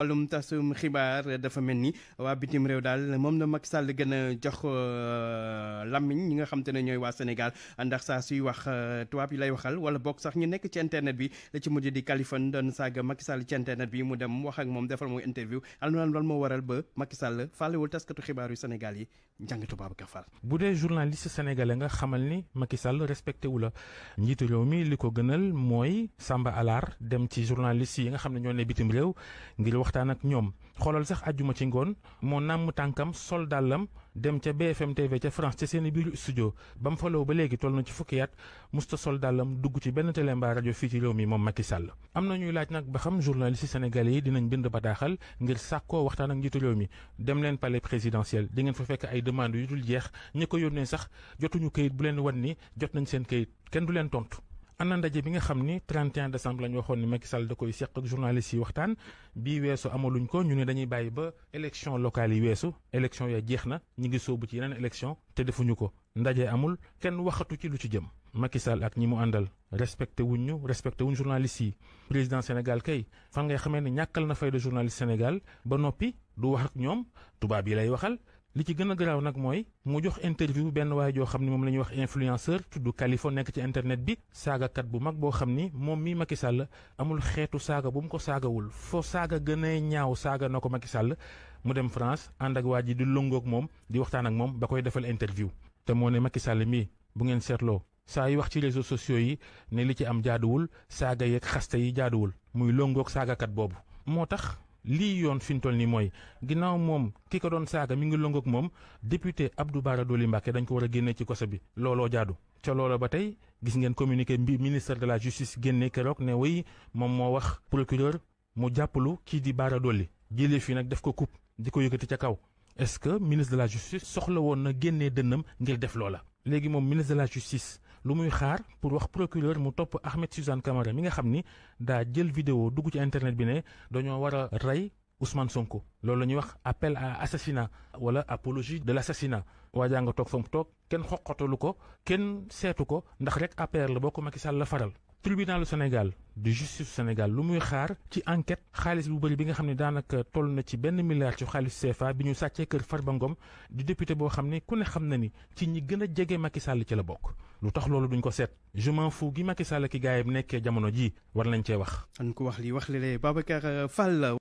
wàllum tasum xibaar dafa mel ni waa bitim réew daal moom na Macky Sall gën a jox euh, làmmiñ ñi nga xam te ne ñooy waa Sénégal ndax saa suy wax euh, tubaab yi lay waxal wala bokk sax ñu nekk ci internet bi la ci mujj di Kaliphone doon saaga Macky Sall ci internet bi mu dem wax ak moom defal moom interview alhamdulilah moo waral ba Macky Sall fàllewul taskatu xibaar yu Sénégal yi njàngatu Babacar Fall. bu dee journaliste senegale nga xamal ni Macky Sall respecté wu la njiitu réew mi li ko gënal mooy Samba Alar dem ci journaliste yi nga xam ne ñoo ne bitim réew ngir wax waxtaan ak ñoom xoolal sax àjjuma ci ngoon moo nàmm tànkam sol dàllam dem ca BFM TV ca France ca seen i biiru studio ba mu faloo ba léegi toll na ci fukki at musta sol dàllam dugg ci benn télé mbaa rajo fii ci réew mi moom Macky Sall. am na ñuy laaj nag ba xam journaliste sénégal yi dinañ bind bataaxal ngir sàkkoo waxtaan ak njiitu réew mi dem leen palais présidentiel di ngeen fa fekk ay demandes yu dul jeex ñi ko yónnee sax jotuñu kayit bu leen wan ni jot nañ seen këyit kenn leen tontu. ana ndaje bi nga xam ni 31 décembre lañu waxoon ni Macky Sall da koy seq ak journaliste yi waxtaan bii weesu amaluñ ko ñu ne dañuy bàyyi ba élection locale yi weesu élection ya jeex na ñu ngi sóobu ci yeneen élection te defuñu ko ndaje amul kenn waxatu ci lu ci jëm. Macky Sall ak ñi mu àndal respecté wuñ ñu respecté wuñ journaliste yi président Sénégal kay fan ngay xamee ne ñàkkal na fayda journaliste senegal ba noppi du wax ak ñoom tubaab yi lay waxal. li ci gën a garaaw nag mooy mu jox interview benn waay joo xam ni moom la ñuy wax influenceur tudd Kaliphone nekk ci internet bi saagakat bu mag boo xam ni moom mii Macky Sall amul xeetu saaga bu mu ko saagawul foo saaga gënee ñaaw saaga na ko Macky Sall mu dem France ànd ak waa ji di lëngoog moom di waxtaan ak moom ba koy defal interview te moo ne Macky Sall mii bu ngeen seetloo saa yu wax ci réseaux sociaux yi ne li ci am jaaduwul saaga yeeg xaste yi jaaduwul muy lëngoog saagakat boobu moo tax lii yoon fi ñu toll nii mooy ginnaaw moom ki ko doon saaga mi ngi lëngoog moom député Abdou Bara Dolly Mbacké dañ ko war a génne ci koso bi looloo jaadu ca loola ba tey gis ngeen communiqué bi ministère de la justice génne keroog ne way moom moo wax procureur mu jàppalu kii di Bara Dolly jëlee fii nag def ko coupe di ko yëkkati ca kaw est-ce que ministre de la justice soxla woon na génnee dënnam ngir def loola léegi moom ministre de la justice lu muy xaar pour wax procureur mu topp Ahmed Suzanne Camara mi nga xam ni daa jël vidéo dugg ci internet bi ne dañoo war a rey Ousmane Sonko loolu la ñuy wax appel à assassinat wala apologie de l' assassinat waa jaa nga toog fa mu toog kenn xoqatalu ko kenn seetu ko ndax rek APR la boo ko Macky Sall la faral. tribunalu Sénégal de justice Sénégal lu muy xaar ci enquête xaalis bu bëri bi nga xam ne daanaka toll na ci benn milliard ci xaalis CFA bi ñu sàccee kër Farba Ngom di député boo xam ne ku ne xam na ni ci ñi gën a jege Macky Sall ci la bokk lu tax loolu duñ ko seet je m'en fous gi Macky Sall ki nekkee jamono jii war nañ cee wax. an